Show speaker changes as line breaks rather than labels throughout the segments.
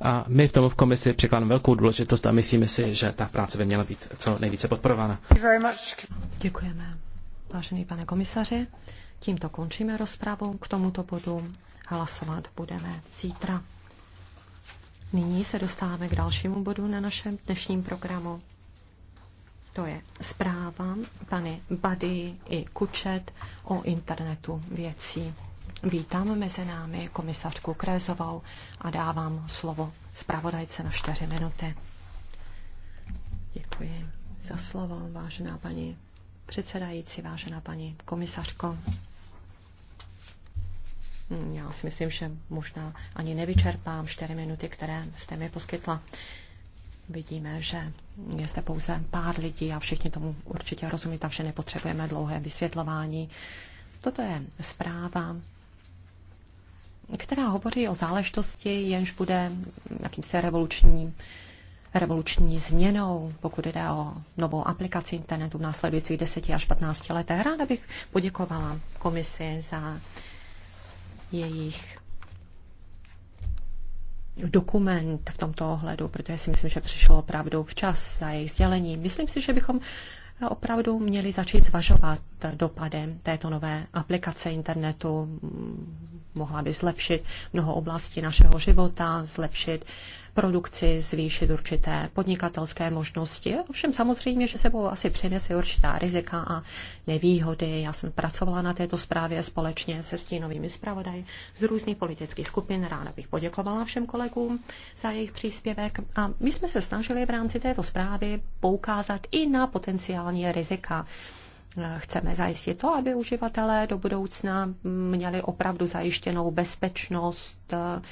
A my v tom v komisi přikládáme velkou důležitost a myslíme si, že ta práce by měla být co nejvíce podporována.
Děkujeme, vážený pane komisaři. Tímto končíme rozpravu k tomuto bodu. Hlasovat budeme zítra. Nyní se dostáváme k dalšímu bodu na našem dnešním programu. To je zpráva pany Bady i Kučet o internetu věcí. Vítám mezi námi komisařku Krézovou a dávám slovo zpravodajce na 4 minuty. Děkuji za slovo, vážená paní předsedající, vážená paní komisařko. Hmm, já si myslím, že možná ani nevyčerpám 4 minuty, které jste mi poskytla. Vidíme, že je zde pouze pár lidí a všichni tomu určitě rozumí, takže nepotřebujeme dlouhé vysvětlování. Toto je zpráva, která hovoří o záležitosti, jenž bude jakýmsi revolučním revoluční změnou, pokud jde o novou aplikaci internetu v následujících 10 až 15 letech. Ráda bych poděkovala komisi za jejich dokument v tomto ohledu, protože si myslím, že přišlo opravdu včas za jejich sdělení. Myslím si, že bychom opravdu měli začít zvažovat dopadem této nové aplikace internetu. Mohla by zlepšit mnoho oblastí našeho života, zlepšit produkci, zvýšit určité podnikatelské možnosti. Ovšem samozřejmě, že sebou asi přinese určitá rizika a nevýhody. Já jsem pracovala na této zprávě společně se stínovými zpravodaji z různých politických skupin. Ráda bych poděkovala všem kolegům za jejich příspěvek. A my jsme se snažili v rámci této zprávy poukázat i na potenciální rizika chceme zajistit to, aby uživatelé do budoucna měli opravdu zajištěnou bezpečnost, um,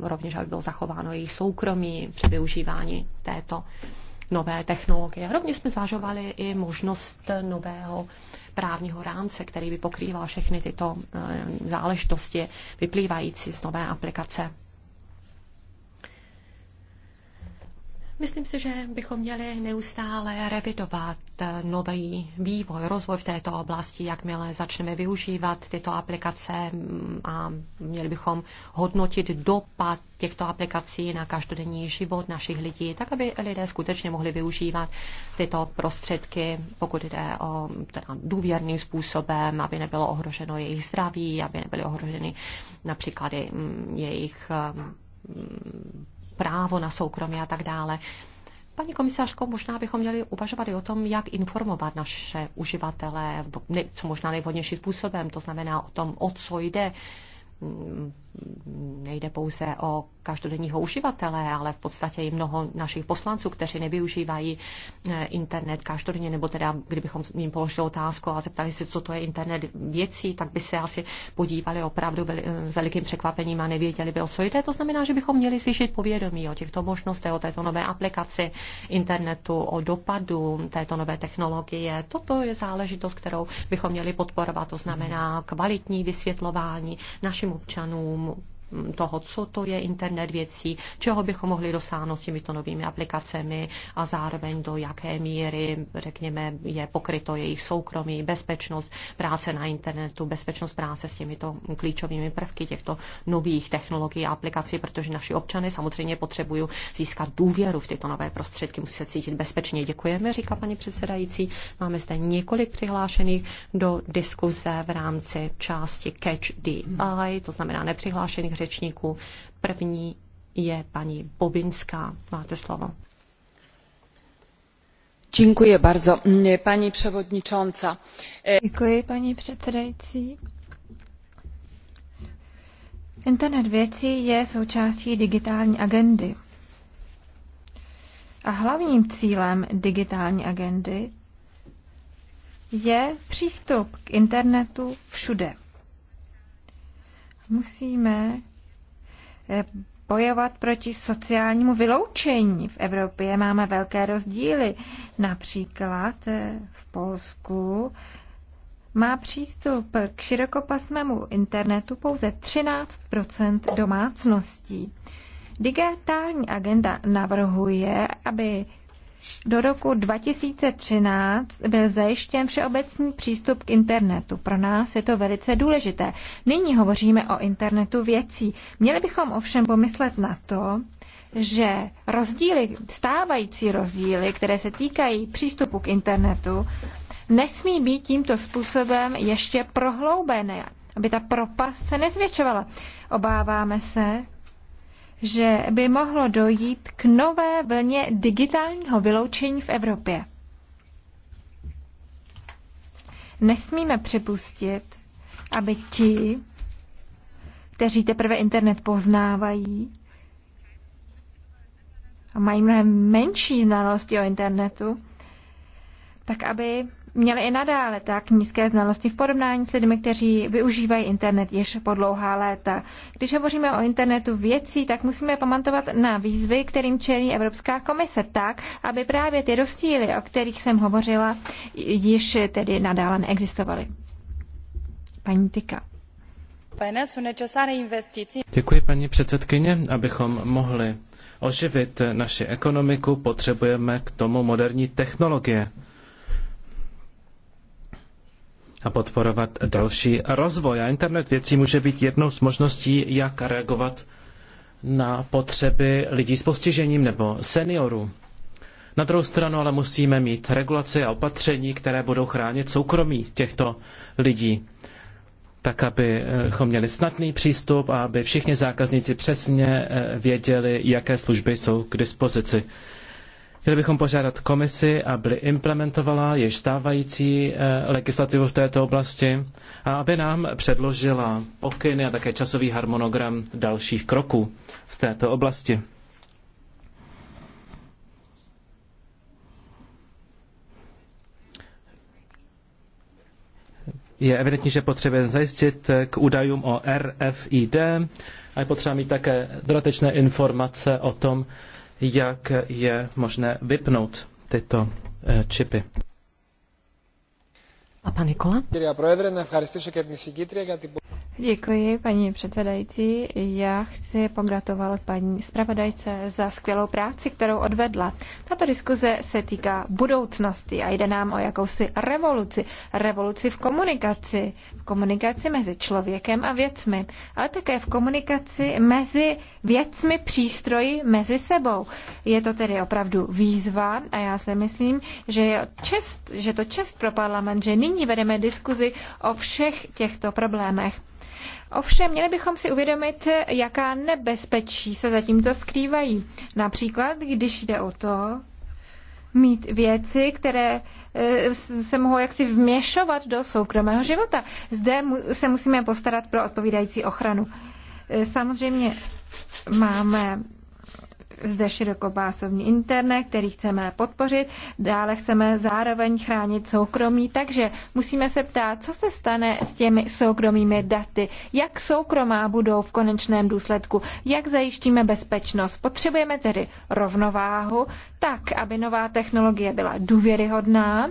rovněž aby bylo zachováno jejich soukromí při využívání této nové technologie. Rovněž jsme zvažovali i možnost nového právního rámce, který by pokrýval všechny tyto eh, záležitosti vyplývající z nové aplikace Myslím si, že bychom měli neustále revidovat eh, nový vývoj, rozvoj v této oblasti, jakmile začneme využívat tyto aplikace mm, a měli bychom hodnotit dopad těchto aplikací na každodenní život našich lidí, tak aby lidé skutečně mohli využívat tyto prostředky, pokud jde o teda důvěrným způsobem, aby nebylo ohroženo jejich zdraví, aby nebyly ohroženy například mm, jejich eh, mm, právo na soukromí a tak dále. Paní komisařko, možná bychom měli uvažovat i o tom, jak informovat naše uživatele, co možná nejvhodnější způsobem, to znamená o tom, o co jde, nejde pouze o každodenního uživatele, ale v podstatě i mnoho našich poslanců, kteří nevyužívají eh, internet každodenně, nebo teda kdybychom jim položili otázku a zeptali se, co to je internet věcí, tak by se asi podívali opravdu eh, s velikým překvapením a nevěděli by, o co jde. To znamená, že bychom měli zvýšit povědomí o těchto možnostech, o této nové aplikaci internetu, o dopadu této nové technologie. Toto je záležitost, kterou bychom měli podporovat, to znamená kvalitní vysvětlování našim našim občanům toho, co to je internet věcí, čeho bychom mohli dosáhnout s těmito novými aplikacemi a zároveň do jaké míry, řekněme, je pokryto jejich soukromí, bezpečnost práce na internetu, bezpečnost práce s těmito klíčovými prvky těchto nových technologií a aplikací, protože naši občany samozřejmě potřebují získat důvěru v tyto nové prostředky, musí se cítit bezpečně. Děkujeme, říká paní předsedající. Máme zde několik přihlášených do diskuze v rámci části Catch the Eye, to znamená nepřihlášených řečníků. První je paní Bobinská. Máte slovo.
Děkuji bardzo, paní předsedající. Děkuji, paní předsedající. Internet věcí je součástí digitální agendy. A hlavním cílem digitální agendy je přístup k internetu všude. Musíme Eh, bojovat proti sociálnímu vyloučení. V Evropě máme velké rozdíly. Například eh, v Polsku má přístup k širokopasmému internetu pouze 13 domácností. Digitální agenda navrhuje, aby do roku 2013 byl zajištěn všeobecný přístup k internetu. Pro nás je to velice důležité. Nyní hovoříme o internetu věcí. Měli bychom ovšem pomyslet na to, že rozdíly, stávající rozdíly, které se týkají přístupu k internetu, nesmí být tímto způsobem ještě prohloubené, aby ta propast se nezvětšovala. Obáváme se, že by mohlo dojít k nové vlně digitálního vyloučení v Evropě. Nesmíme připustit, aby ti, kteří teprve internet poznávají a mají mnohem menší znalosti o internetu, tak aby měli i nadále tak nízké znalosti v porovnání s lidmi, kteří využívají internet již po dlouhá léta. Když hovoříme o internetu věcí, tak musíme pamatovat na výzvy, kterým čelí Evropská komise tak, aby právě ty rozdíly, o kterých jsem hovořila, již tedy nadále neexistovaly. Paní Tyka.
Děkuji, paní předsedkyně. Abychom mohli oživit naši ekonomiku, potřebujeme k tomu moderní technologie a podporovat další rozvoj. A internet věcí může být jednou z možností, jak reagovat na potřeby lidí s postižením nebo seniorů. Na druhou stranu ale musíme mít regulaci a opatření, které budou chránit soukromí těchto lidí, tak abychom měli snadný přístup a aby všichni zákazníci přesně eh, věděli, jaké služby jsou k dispozici. Chtěli bychom požádat komisi, aby implementovala již stávající eh, legislativu v této oblasti a aby nám předložila pokyny a také časový harmonogram dalších kroků v této oblasti. Je evidentní, že potřebujeme zajistit k údajům o RFID a je potřeba mít také dodatečné informace o tom, jak je možné vypnout tyto eh, čipy. A pan Nikola?
Děkuji, paní předsedající. Já chci pogratulovat paní zpravodajce za skvělou práci, kterou odvedla. Tato diskuze se týká budoucnosti a jde nám o jakousi revoluci. Revoluci v komunikaci. V komunikaci mezi člověkem a věcmi, ale také v komunikaci mezi věcmi, přístroji, mezi sebou. Je to tedy opravdu výzva a já si myslím, že je čest, že to čest pro parlament, že nyní vedeme diskuzi o všech těchto problémech. Ovšem, měli bychom si uvědomit, jaká nebezpečí se za skrývají. Například, když jde o to, mít věci, které eh, se mohou jaksi vměšovat do soukromého života. Zde se musíme postarat pro odpovídající ochranu. Eh, samozřejmě máme zde širokopásovní internet, který chceme podpořit, dále chceme zároveň chránit soukromí, takže musíme se ptát, co se stane s těmi soukromými daty, jak soukromá budou v konečném důsledku, jak zajištíme bezpečnost. Potřebujeme tedy rovnováhu, tak, aby nová technologie byla důvěryhodná,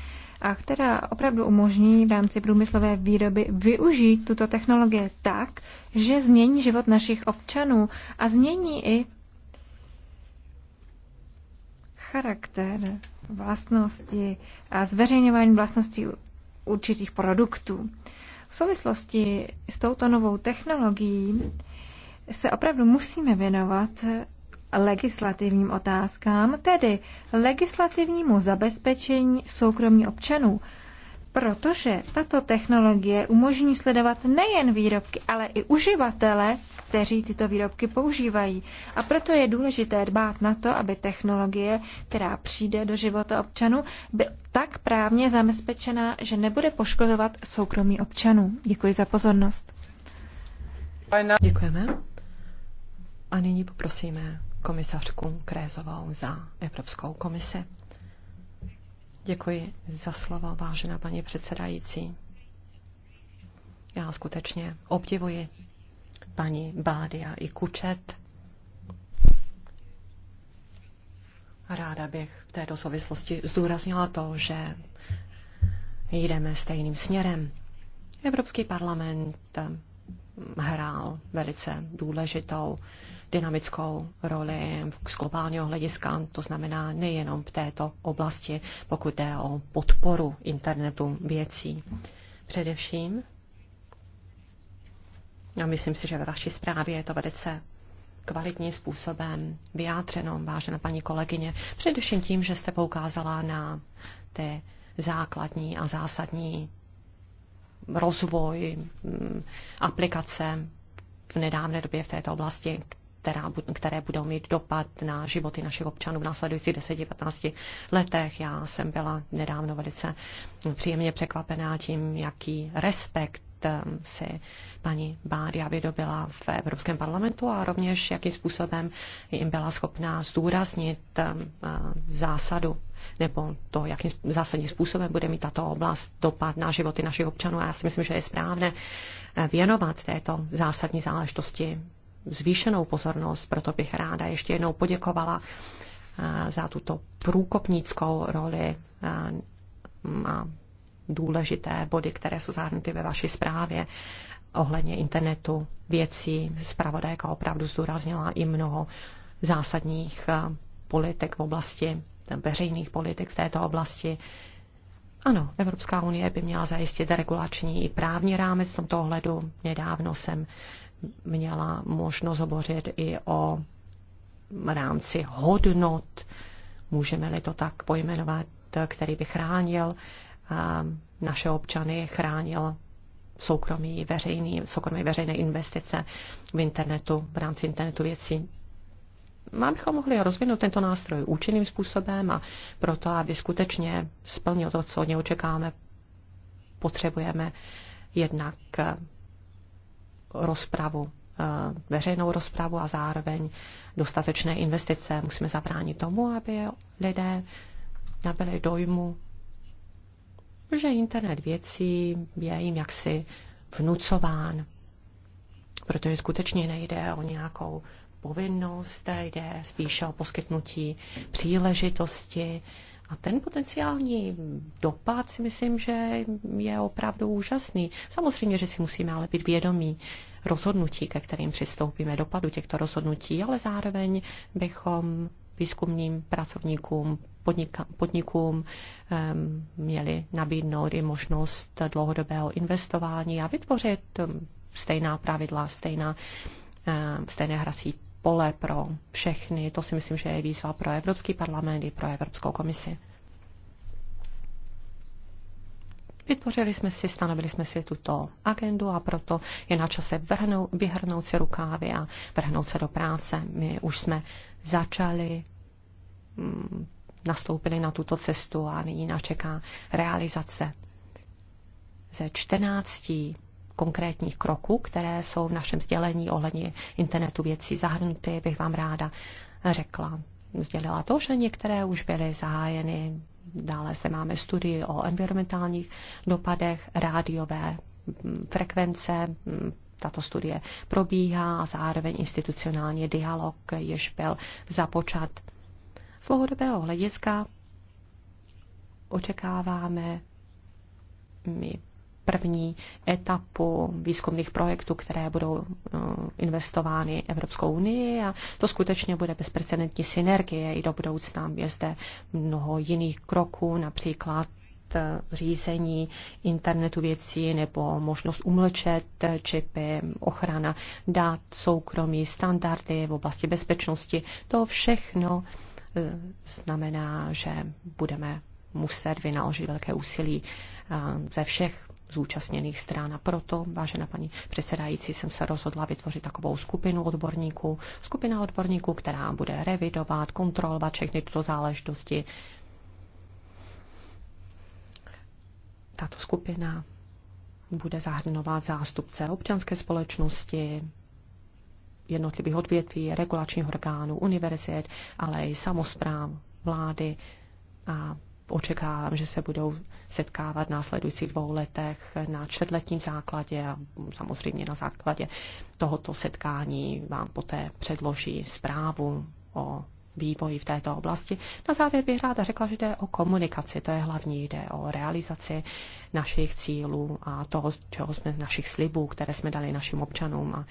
a která opravdu umožní v rámci průmyslové výroby využít tuto technologie tak, že změní život našich občanů a změní i charakter, vlastnosti a zveřejňování vlastností určitých produktů. V souvislosti s touto novou technologií se opravdu musíme věnovat legislativním otázkám, tedy legislativnímu zabezpečení soukromí občanů, protože tato technologie umožní sledovat nejen výrobky, ale i uživatele, kteří tyto výrobky používají. A proto je důležité dbát na to, aby technologie, která přijde do života občanů, byla tak právně zabezpečená, že nebude poškozovat soukromí občanů. Děkuji za pozornost.
Děkujeme. A nyní poprosíme komisařku Krézovou za Evropskou komisi. Děkuji za slovo, vážená paní předsedající. Já skutečně obdivuji paní Bádia i Kučet. Ráda bych v této souvislosti zdůraznila to, že jdeme stejným směrem. Evropský parlament hrál velice důležitou dynamickou roli z globálního hlediska, to znamená nejenom v této oblasti, pokud jde o podporu internetu věcí. Především, já myslím si, že ve vaší zprávě je to velice kvalitním způsobem vyjádřeno, vážená paní kolegyně, především tím, že jste poukázala na ty základní a zásadní rozvoj mm, aplikace v nedávné době v této oblasti, která, které budou mít dopad na životy našich občanů v následujících 10-15 letech. Já jsem byla nedávno velice příjemně překvapená tím, jaký respekt um, si paní Bádia vydobila v Evropském parlamentu a rovněž jakým způsobem jim byla schopná zdůraznit um, uh, zásadu nebo to, jakým zásadním způsobem bude mít tato oblast dopad na životy našich občanů. A já si myslím, že je správné eh, věnovat této zásadní záležitosti zvýšenou pozornost, proto bych ráda ještě jednou poděkovala eh, za tuto průkopnickou roli eh, a důležité body, které jsou zahrnuty ve vaší zprávě ohledně internetu věcí. Zpravodajka opravdu zdůraznila i mnoho zásadních eh, politik v oblasti, veřejných politik v této oblasti. Ano, Evropská unie by měla zajistit regulační i právní rámec v tomto ohledu. Nedávno jsem měla možnost hovořit i o rámci hodnot, můžeme-li to tak pojmenovat, který by chránil eh, naše občany, chránil soukromí, veřejný, soukromí veřejné investice v internetu, v rámci internetu věcí. bychom mohli rozvinout tento nástroj účinným způsobem a proto, aby skutečně splnil to, co od něj očekáváme, potřebujeme jednak eh, rozpravu, eh, veřejnou rozpravu a zároveň dostatečné investice. Musíme zabránit tomu, aby lidé nabili dojmu, že internet věcí je jim jaksi vnucován, protože skutečně nejde o nějakou povinnost, jde spíše o poskytnutí příležitosti, a ten potenciální dopad si myslím, že je opravdu úžasný. Samozřejmě, že si musíme ale být vědomí rozhodnutí, ke kterým přistoupíme, dopadu těchto rozhodnutí, ale zároveň bychom výzkumným pracovníkům, podnika, podnikům um, měli nabídnout i možnost dlouhodobého investování a vytvořit um, stejná pravidla, stejná, um, stejné hrací pole pro všechny. To si myslím, že je výzva pro Evropský parlament i pro Evropskou komisi. Vytvořili jsme si, stanovili jsme si tuto agendu a proto je na čase vrhnout, vyhrnout si rukávy a vrhnout se do práce. My už jsme začali, mm, nastoupili na tuto cestu a nyní nás čeká realizace. Ze 14 konkrétních kroků, které jsou v našem sdělení ohledně internetu věcí zahrnuty, bych vám ráda řekla. Sdělila to, že některé už byly zahájeny. Dále zde máme studii o environmentálních dopadech, rádiové mm, frekvence, mm, tato studie probíhá a zároveň institucionální dialog jež byl započat. Z dlouhodobého hlediska očekáváme my první etapu výzkumných projektů, které budou eh, investovány Evropskou unii a to skutečně bude bezprecedentní synergie i do budoucna. Je zde mnoho jiných kroků, například eh, řízení internetu věcí nebo možnost umlčet čipy, ochrana dát, soukromí, standardy v oblasti bezpečnosti. To všechno eh, znamená, že budeme muset vynaložit velké úsilí ze všech zúčastněných stran. A proto, vážená paní předsedající, jsem se rozhodla vytvořit takovou skupinu odborníků, skupina odborníků, která bude revidovat, kontrolovat všechny tyto záležitosti. Tato skupina bude zahrnovat zástupce občanské společnosti, jednotlivých odvětví, regulačních orgánů, univerzit, ale i samozpráv, vlády a očekávám, že se budou setkávat v následujících dvou letech na čtvrtletním základě a samozřejmě na základě tohoto setkání vám poté předloží zprávu o vývoji v této oblasti. Na závěr bych ráda řekla, že jde o komunikaci, to je hlavní, jde o realizaci našich cílů a toho, čeho jsme, našich slibů, které jsme dali našim občanům. A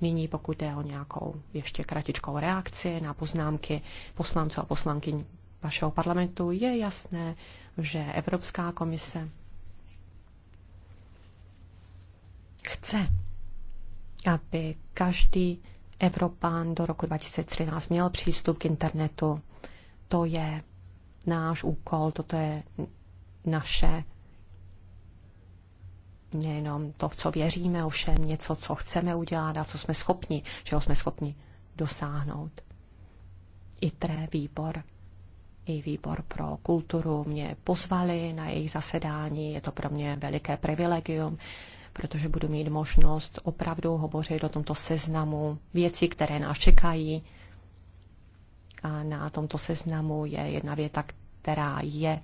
nyní, pokud jde o nějakou ještě kratičkou reakci na poznámky poslanců a poslankyň, vašeho parlamentu je jasné, že Evropská komise chce, aby každý Evropán do roku 2013 měl přístup k internetu. To je náš úkol, toto je naše nejenom to, co věříme, ovšem něco, co chceme udělat a co jsme schopni, čeho jsme schopni dosáhnout. ITRE výbor i výbor pro kulturu mě pozvali na jejich zasedání. Je to pro mě veliké privilegium, protože budu mít možnost opravdu hovořit o tomto seznamu věcí, které nás čekají. A na tomto seznamu je jedna věta, která je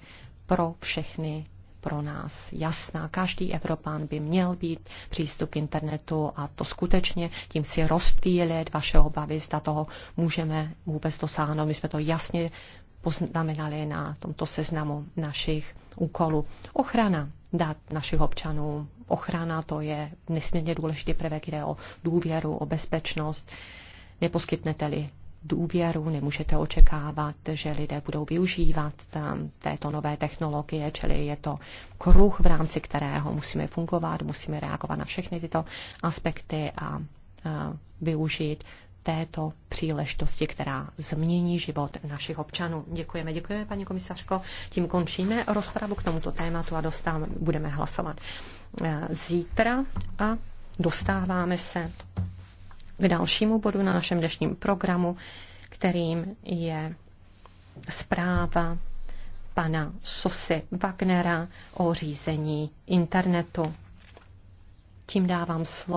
pro všechny pro nás jasná. Každý Evropán by měl být přístup k internetu a to skutečně tím si rozptýlit vaše obavy, zda toho můžeme vůbec dosáhnout. My jsme to jasně poznamenali na tomto seznamu našich úkolů. Ochrana dát našich občanů. Ochrana to je nesmírně důležitý prvek, jde o důvěru, o bezpečnost. Neposkytnete-li důvěru, nemůžete očekávat, že lidé budou využívat um, této nové technologie, čili je to kruh, v rámci kterého musíme fungovat, musíme reagovat na všechny tyto aspekty a uh, využít této příležitosti, která změní život našich občanů. Děkujeme, děkujeme, paní komisařko. Tím končíme rozpravu k tomuto tématu a dostáváme, budeme hlasovat eh, zítra a dostáváme se k dalšímu bodu na našem dnešním programu, kterým je zpráva pana Sosy Wagnera o řízení internetu. Tím dávám slovo.